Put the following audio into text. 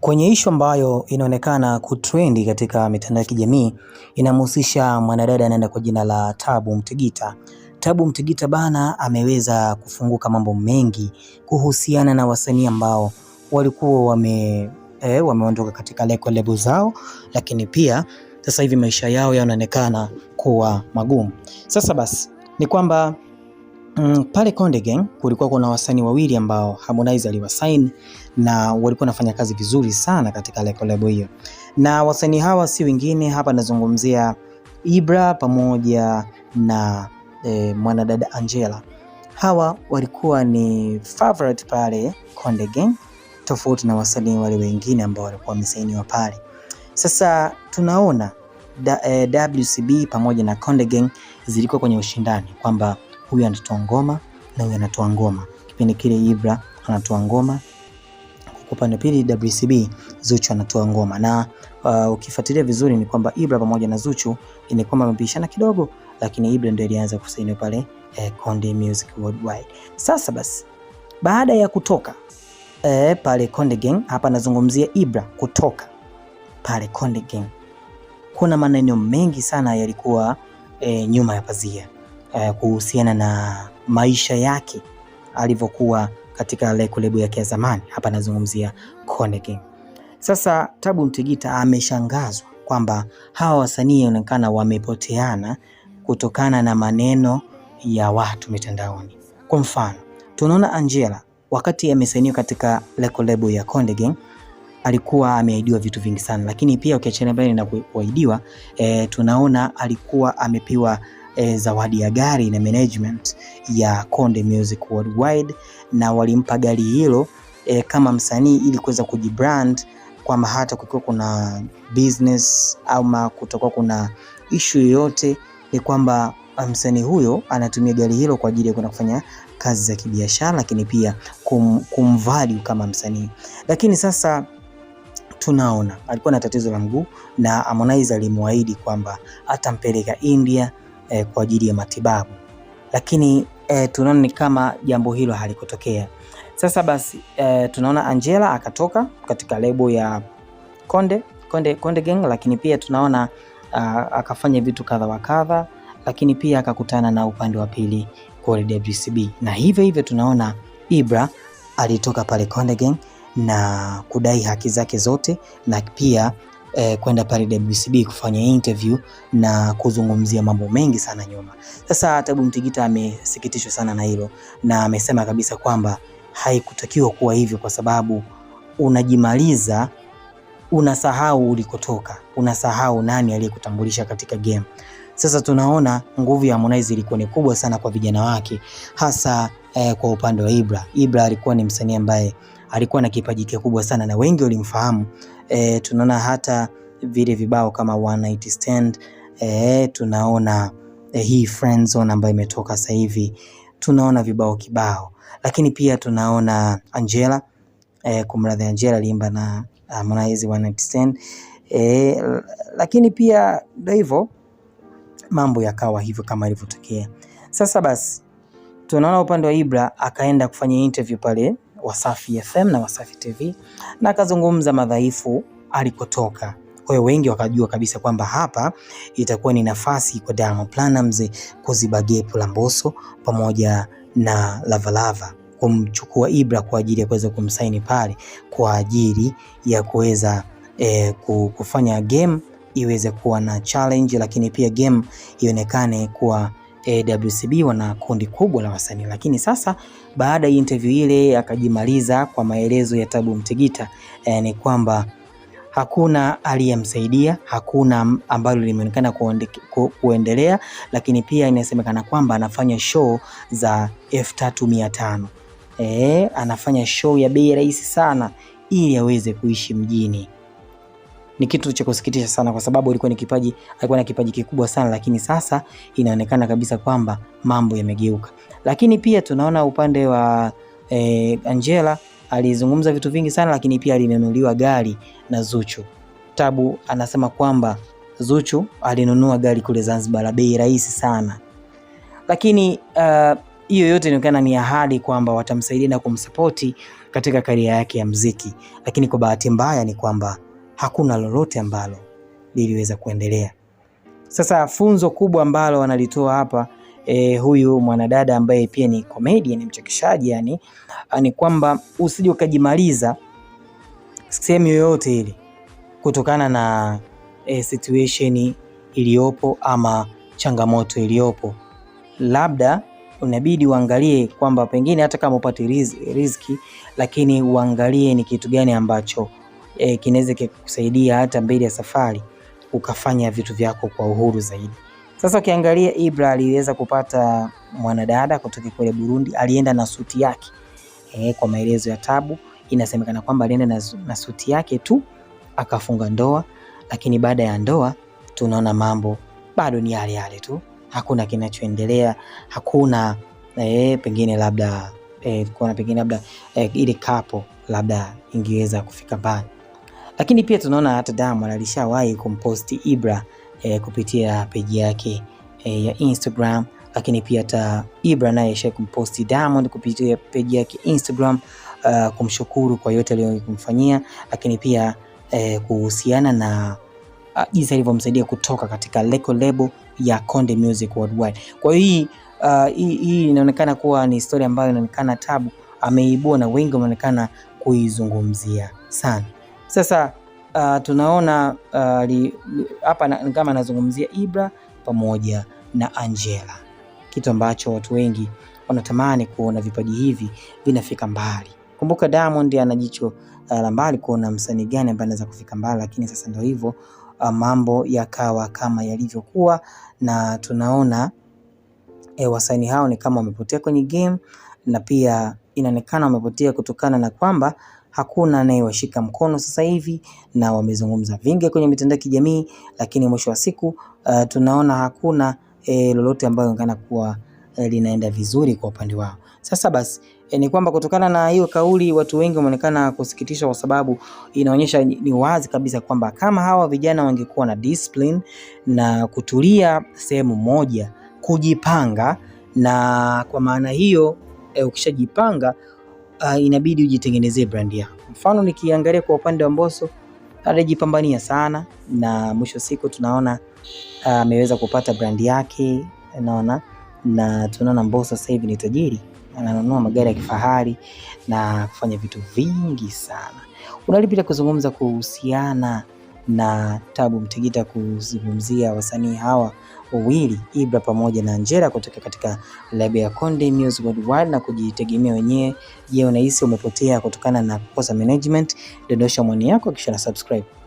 Kwenye ishu ambayo inaonekana kutrendi katika mitandao ya kijamii inamhusisha mwanadada anaenda kwa jina la Tabu Mtigita. Tabu Mtigita bana ameweza kufunguka mambo mengi kuhusiana na wasanii ambao walikuwa wame eh, wameondoka katika leko lebo zao, lakini pia sasa hivi maisha yao yanaonekana kuwa magumu. Sasa basi ni kwamba Mm, pale Konde Gang kulikuwa kuna wasanii wawili ambao Harmonize aliwasign na walikuwa wanafanya kazi vizuri sana katika collab hiyo, na wasanii hawa si wengine, hapa nazungumzia Ibra pamoja na e, mwanadada Angela. Hawa walikuwa ni favorite pale Konde Gang, tofauti na wasanii wale wengine ambao walikuwa wamesainiwa pale. Sasa tunaona da, e, eh, WCB pamoja na Konde Gang zilikuwa kwenye ushindani kwamba huyu anatoa ngoma na huyu anatoa ngoma. Kipindi kile Ibra anatoa ngoma, kwa upande pili WCB Zuchu anatoa ngoma na uh, ukifuatilia vizuri ni kwamba Ibra pamoja na Zuchu ni kwamba wamepishana kidogo, lakini Ibra ndiye alianza kusaini pale eh, Konde Music Worldwide. Sasa basi baada ya kutoka eh, pale Konde Gang, hapa nazungumzia Ibra kutoka pale Konde Gang, kuna maneno mengi sana yalikuwa eh, nyuma ya pazia eh, kuhusiana na maisha yake alivyokuwa katika lekulebu yake ya zamani. Hapa anazungumzia Konde Gang. Sasa Tabu Mtigita ameshangazwa kwamba hawa wasanii inaonekana wamepoteana kutokana na maneno ya watu mitandaoni. Kwa mfano, tunaona Angela wakati amesainiwa katika lebo ya Konde Gang alikuwa ameahidiwa vitu vingi sana, lakini pia ukiachana mbali na kuahidiwa, e, tunaona alikuwa amepewa e, zawadi ya gari na management ya Konde Music Worldwide, na walimpa gari hilo e, kama msanii ili kuweza kujibrand kwamba hata kukiwa kuna business ama kutakuwa kuna issue yoyote, ni kwamba um, msanii huyo anatumia gari hilo kwa ajili ya kwenda kufanya kazi za kibiashara, lakini pia kum, kumvali kama msanii. Lakini sasa tunaona alikuwa na tatizo la mguu na Harmonize alimwahidi kwamba atampeleka India e, kwa ajili ya matibabu, lakini e, tunaona ni kama jambo hilo halikutokea. Sasa basi e, tunaona Angela akatoka katika lebo ya Konde, Konde, Konde Gang, lakini pia tunaona a, akafanya vitu kadha wa kadha, lakini pia akakutana na upande wa pili kwa WCB, na hivyo hivyo tunaona Ibra alitoka pale Konde Gang na kudai haki zake zote na pia eh, kwenda pale WCB kufanya interview na kuzungumzia mambo mengi sana nyuma. Sasa Tabu Mtigita amesikitishwa sana na hilo na amesema kabisa kwamba haikutakiwa kuwa hivyo, kwa sababu unajimaliza, unasahau ulikotoka, unasahau nani aliyekutambulisha katika game. Sasa tunaona nguvu ya Harmonize ilikuwa ni kubwa sana kwa vijana wake hasa eh, kwa upande wa Ibra. Ibra alikuwa ni msanii ambaye alikuwa na kipaji kikubwa sana na wengi walimfahamu. E, tunaona hata vile vibao kama One Night Stand e, tunaona e, hii Friend Zone ambayo imetoka sasa hivi, tunaona vibao kibao, lakini pia tunaona Angela e, kumradhi, Angela aliimba na e, Harmonize One Night Stand e, lakini pia ndio hivyo mambo yakawa hivyo kama ilivyotokea. Sasa basi tunaona upande wa Ibra akaenda kufanya interview pale Wasafi FM na Wasafi TV na akazungumza madhaifu alikotoka. Kwa hiyo wengi wakajua kabisa kwamba hapa itakuwa ni nafasi kwa Diamond Platnumz kuziba gepu la Mbosso pamoja na Lavalava kumchukua Ibra kwa ajili ya kuweza kumsaini pale kwa ajili ya kuweza eh, kufanya game iweze kuwa na challenge, lakini pia game ionekane kuwa e, WCB wana kundi kubwa la wasanii, lakini sasa baada ya interview ile akajimaliza kwa maelezo ya Tabu Mtigita e, ni kwamba hakuna aliyemsaidia, hakuna ambalo limeonekana kuendelea, lakini pia inasemekana kwamba anafanya show za elfu tatu mia tano e, anafanya show ya bei rahisi sana ili aweze kuishi mjini ni kitu cha kusikitisha sana, kwa sababu alikuwa ni kipaji, alikuwa na kipaji kikubwa sana, lakini sasa inaonekana kabisa kwamba mambo yamegeuka. Lakini pia tunaona upande wa eh, Angela alizungumza vitu vingi sana, lakini pia alinunuliwa gari na Zuchu. Tabu anasema kwamba Zuchu alinunua gari kule Zanzibar la bei rahisi sana, lakini eh, hiyo uh, yote inaonekana ni ahadi kwamba watamsaidia na kumsapoti katika karia yake ya mziki, lakini kwa bahati mbaya ni kwamba hakuna lolote ambalo liliweza kuendelea. Sasa funzo kubwa ambalo wanalitoa hapa e, huyu mwanadada ambaye pia ni comedian, ni mchekeshaji yani, ah, ni kwamba usije ukajimaliza sehemu yoyote ile kutokana na e, situation iliyopo ama changamoto iliyopo, labda unabidi uangalie kwamba pengine hata kama upate riziki, lakini uangalie ni kitu gani ambacho e, kinaweza kikakusaidia hata mbele ya safari ukafanya vitu vyako kwa uhuru zaidi. Sasa ukiangalia Ibra aliweza kupata mwanadada kutoka kule Burundi, alienda na suti yake e, kwa maelezo ya Tabu inasemekana kwamba alienda na, na suti yake tu akafunga ndoa, lakini baada ya ndoa tunaona mambo bado ni yale yale tu, hakuna kinachoendelea, hakuna e, pengine labda e, kuna pengine labda e, ile kapo labda ingeweza kufika mbali. Lakini pia tunaona hata Diamond alishawahi kumposti Ibra eh, kupitia peji yake eh, ya Instagram, lakini pia hata Ibra naye ashawahi kumposti Diamond kupitia peji yake Instagram uh, kumshukuru kwa yote aliyomfanyia, lakini pia eh, kuhusiana na uh, jinsi alivyomsaidia kutoka katika leko lebo ya Konde Music Worldwide. Kwa hiyo hii uh, hii inaonekana kuwa ni historia ambayo inaonekana Tabu ameibua na wengi wameonekana kuizungumzia sana. Sasa uh, tunaona uh, hapa uh, na, kama anazungumzia Ibra pamoja na Angela, kitu ambacho watu wengi wanatamani kuona vipaji hivi vinafika mbali. Kumbuka Diamond ana jicho uh, la mbali kuona msanii gani ambaye anaweza kufika mbali, lakini sasa ndio hivyo uh, mambo yakawa kama yalivyokuwa, na tunaona eh, wasanii hao ni kama wamepotea kwenye game, na pia inaonekana wamepotea kutokana na kwamba hakuna anayewashika mkono sasa hivi, na wamezungumza vingi kwenye mitandao ya kijamii, lakini mwisho wa siku uh, tunaona hakuna e, lolote ambayo ngana kuwa e, linaenda vizuri kwa upande wao. Sasa basi e, ni kwamba kutokana na hiyo kauli watu wengi wameonekana kusikitishwa, kwa sababu inaonyesha ni wazi kabisa kwamba kama hawa vijana wangekuwa na discipline na kutulia sehemu moja, kujipanga, na kwa maana hiyo e, ukishajipanga uh, inabidi ujitengenezee brand yako. Mfano nikiangalia kwa upande wa Mbosso alijipambania sana na mwisho siku tunaona ah, ameweza uh, kupata brand yake, naona na tunaona Mbosso sasa hivi ni tajiri, ananunua magari ya kifahari na kufanya vitu vingi sana. Unalipita kuzungumza kuhusiana na Tabu mtigita kuzungumzia wasanii hawa wawili Ibra pamoja na Angela kutoka katika lebo ya Konde Music Worldwide na kujitegemea wenyewe. Je, unahisi umepotea kutokana na kukosa management? Dondosha maoni yako kisha na subscribe.